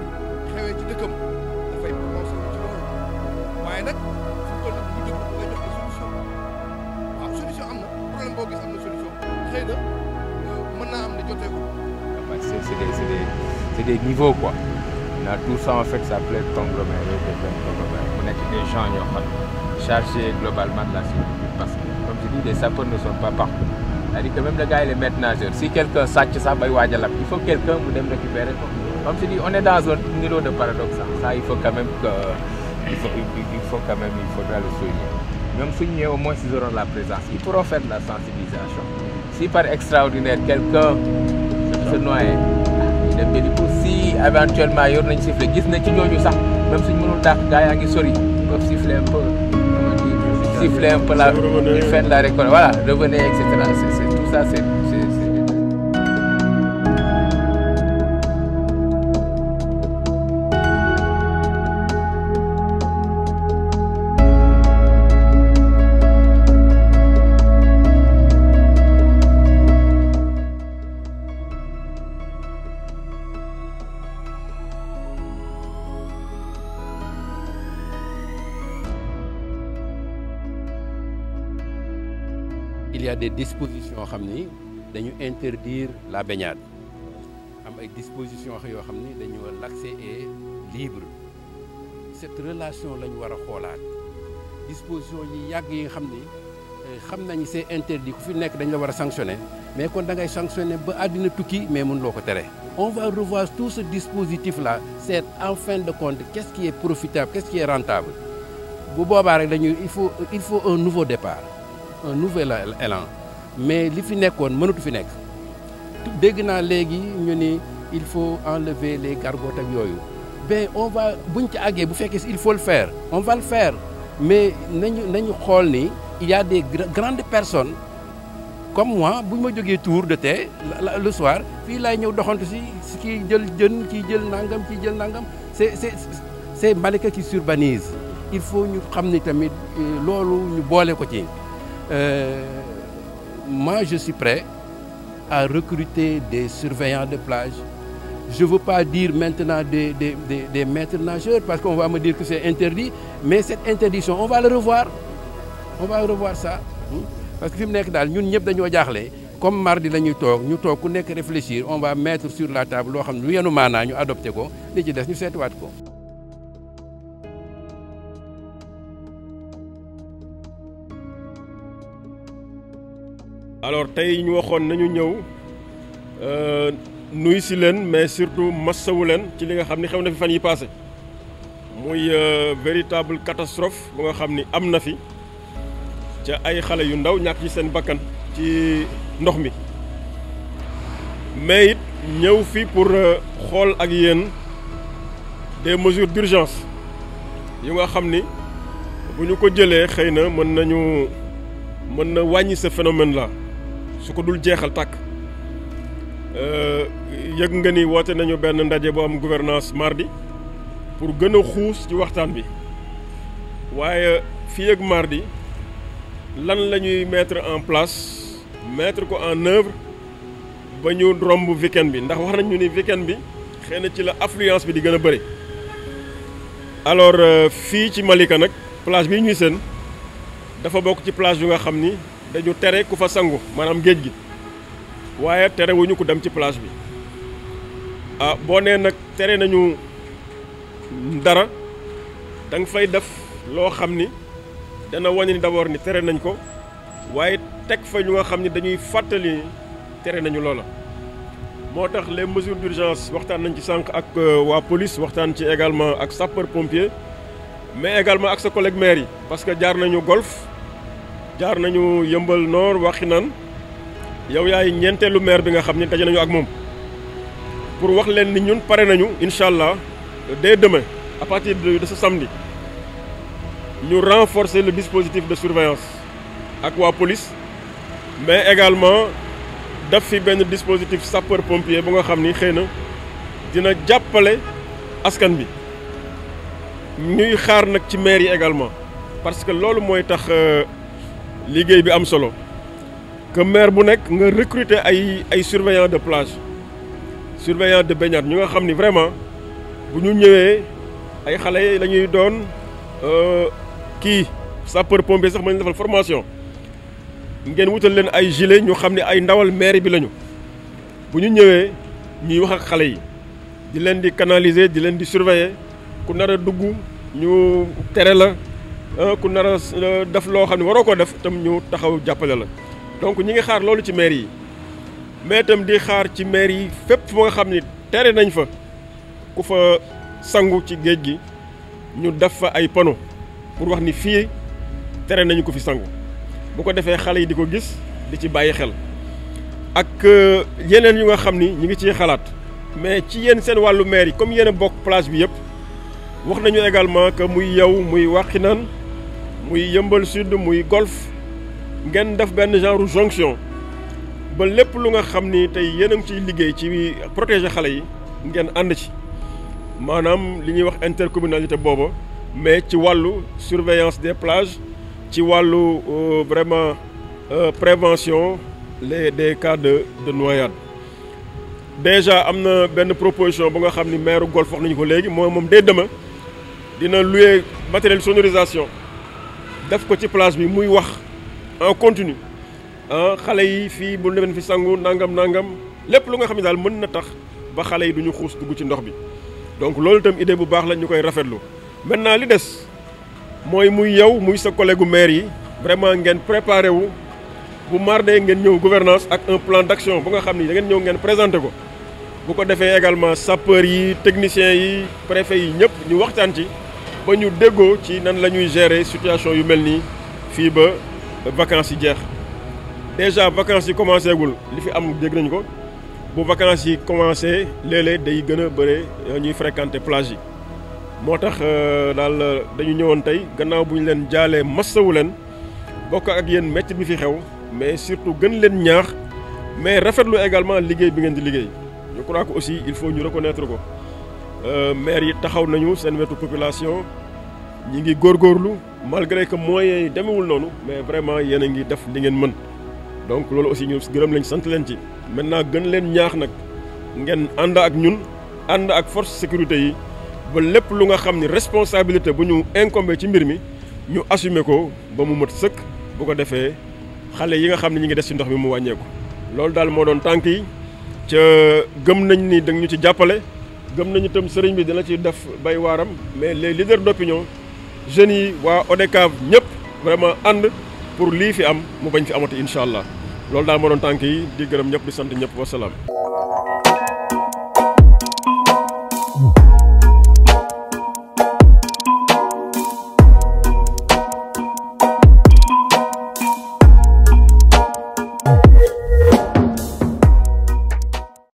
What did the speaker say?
mbir xewee ci dëkkam dafay prononcé wu ci waaye nag fu mu toll am na problème boo gis am na solution xëy euh, mën naa am ne jotee ko. c'est c'est des c'est des c'est des niveaux quoi na tout ça en fait ça plaît congloméré de congloméré mu nekk des gens ñoo xam chargés globalement de la sécurité parce que comme je dis les sapeurs ne sont pas partout cest si quelqu'un sàcc sax bay waaj a il faut quelqu'un mu dem récupérer ko. Comme je dis, on est dans un niveau de paradoxe. Ça, il faut quand même que, il faut, il faut quand même, il faudra le souligner. Même souligner, au moins, ils auront la présence. Ils pourront faire la sensibilisation. Si par extraordinaire, quelqu'un se noie, il est médicaux. Si éventuellement, il y a un sifflet, ils ne sont pas même si nous avons gars qui sourit, ils peuvent siffler un peu. Siffler un peu la, faire de la récolte, voilà, revenez, etc. C est, c tout ça, c'est. il y a des dispositions yoo xam ni dañu interdire la baignade am ay dispositions yoo xam ni dañu l'accès est libre cette relation lañu war a xoolaat disposition yi yàgg yi nga xam ni eh, xam nañu c'est interdit ku fi nekk dañ la war a sanctionner mais kon da ngay sanctionner ba àddina tukki mais mën loo ko tere on va revoir tout ce dispositif la c'est en fin de compte qu'est-ce qui est profitable qu'est-ce qui bu boobaa rek dañuy il faut il faut un nouveau départ un nouvel élan mais li fi nekkoon mënatu fi nekk dégg naa léegi ñu ni il faut enlever les gargotes ak yooyu mais on va buñ ci àggee bu fekkee si il faut le faire on va le faire mais nañu nañu xool ni il y a des grandes personnes comme moi bu ma jógee tour de te le soir fii laay ñëw doxantu si ci jël jën ci jël nangam kii jël nangam c'est c'est c'est Malika qui s'urbanise il faut ñu xam ni tamit euh, loolu ñu boole ko ci Euh, moi, je suis prêt à recruter des surveillants de plage. Je ne veux pas dire maintenant des, des, des, des maîtres nageurs parce qu'on va ma dire que c'est interdit, mais cette interdiction, on va le revoir. On va revoir ça. Parce que fi mu nekk daal ñun ñëpp dañoo jaaxle comme mardi la ñuy toog ñu toog ku nekk réfléchir on va mettre sur la table loo xam ne lu yenu maanaa ñu adopté ko li ci des ñu seetuwaat ko. alors tey ñu waxoon nañu ñëw euh, nuy si leen mais surtout massawu leen ci li nga xam ni xew na fi fan yi passé muy euh, véritable catastrophe bu nga xam ni am na fi ca ay xale yu ndaw ñàkk ci seen bakkan ci ndox mi mais it ñëw fi pour euh, xool ak yéen des mesures d'urgence yu nga xam ni bu ñu ko jëlee xëy na mën nañu mën na wàññi ce phénomène là su ko dul jeexal tàkk euh, yëg nga ni woote nañu benn ndaje bu am gouvernance mardi pour gën a xuus ci waxtaan bi waaye fii ak mardi lan la ñuy mettre en place mettre ko en œuvre ba ñu romb weekend bi ndax wax nañ ñu ni weekend bi xëy na ci la affluence bi di gën a bëri alors euh, fii ci Malika nag place bi ñuy seen dafa bokk ci place bi nga xam ni dañu tere ku fa sangu maanaam géej gi waaye terewuñu ko dem ci plage bi ah boo nee nag tere nañu dara da fay def loo xam ni dana wane ni d'abord ni tere nañ ko waaye teg fa ñu nga xam ni dañuy fàttali tere nañu loola. moo tax les mesures d'urgence waxtaan nañ ci sànq ak euh, waa police waxtaan ci également ak sapeur pompier mais ma ak sa collègue maire yi parce que jaar nañu golf yaar nañu yëmbal noor waxi naan yow yaay ñeenteelu maire bi nga xam ne daje nañu ak moom pour wax leen ni ñun pare nañu incha allah dès demain à partir de ce samedi ñu renforcer le dispositif de surveillance ak waa polis mais également daf fi benn dispositif sapeur pompier bu nga xam ni xëy na dina jàppale askan bi ñuy xaar nag ci maire yi également parce que loolu mooy tax euh, liggéey bi am solo que maire bu nekk nga recruter ay ay surveillant de plage surveillant de baignade ñu nga xam ni vraiment bu ñu ñëwee ay xale la ñuy doon euh, kii sapeur pompier sax mën defal formation ngeen wutal leen ay gilet ñu xam ne ay ndawal maire bi lañu bu ñu ñëwee ñuy wax ak xale yi di leen di canaliser di leen di surveiller ku nar dugg ñu tere la. Euh, ku nar a euh, def loo xam ne waroo koo def tam ñu taxaw jàppale la donc ñi ngi xaar loolu ci maire yi mais itam di xaar ci maire yi fépp fu nga xam ni tere nañ fa ku fa sangu ci géej gi ñu def fa ay panneau pour wax ni fii tere nañu ko fi sangu bu ko defee xale yi di ko gis di ci bàyyi xel ak euh, yeneen yu nga xam ni ñu ngi ciy xalaat mais ci yéen seen wàllu maire yi comme yéen bokk place bi yëpp wax nañu également que muy yow muy nan muy yëmbal sud muy golf ngeen def benn genre jonction ba lépp lu nga xam ni tey yéen a ngi ciy liggéey ci protéger xale yi ngeen ànd ci maanaam li ñuy wax intercommunalité booba mais ci wàllu surveillance des plages ci wàllu euh, vraiment euh, prévention les des cas de de noyade déjà am na benn proposition bu nga xam ni maire golf wax nañu ko léegi mooy moom dès demain dina louer matériel sonorisation def ko ci place bi muy wax en continu ah xale yi fii bu demee fi sangu nangam ndangam lépp lu nga xam ne daal mën na tax ba xale yi du ñu xuus dugg ci ndox bi donc loolu itam idée bu baax la ñu koy rafetlu maintenant li des mooy muy yow muy sa collègue maire yi vraiment ngeen préparé wu bu marde ngeen ñëw gouvernance ak un plan d'action bu nga xam ni da ngeen ñëw ngeen présenté ko bu ko defee également sapeurs yi techniciens yi préfet yi ñëpp ñu waxtaan ci ba ñu déggoo ci nan la ñuy gérer situation yu mel nii fii ba vacances yi jeex déjà vacances yi commencé gul li fi am dégg nañu ko bu vacances yi commencé léeg day gën a bëre euh, ñuy fréquenter plage yi moo tax euh, daal euh, dañu ñëwoon tey gannaaw bu ñu leen jaalee massawu leen bokk ak yéen métti bi fi xew mais surtout gën leen ñaax mais rafetlu également liggéey bi ngeen di liggéey je crois que aussi il faut ñu reconnaître ko Euh, maire yi taxaw nañu seen wetu population ñi ngi góor góorlu que moyens yi demewul noonu mais vraiment yéen a ngi def li ngeen mën donc loolu aussi ñu gërëm lañ sant leen ci. maintenant gën leen ñaax nag ngeen ànd ak ñun ànd ak force sécurité yi ba lépp lu nga xam ni responsabilité bu ñu incombé ci mbir mi ñu assumer ko ba mu mët sëkk bu ko defee xale yi nga xam ne ñu ngi des ci ndox mi mu wàññeeku. loolu daal moo doon tànk yi ca gëm nañ ni danga ñu ci jàppale. gëm nañu itam sëriñ bi dina ci def bay waaram mais les leaders d'opinion jeunes yi waa ODCAV ñëpp vraiment ànd pour lii fi am mu bañ fi amati incha allah loolu daal moo doon tànk yi di gërëm ñëpp di sant ñëpp wasalaam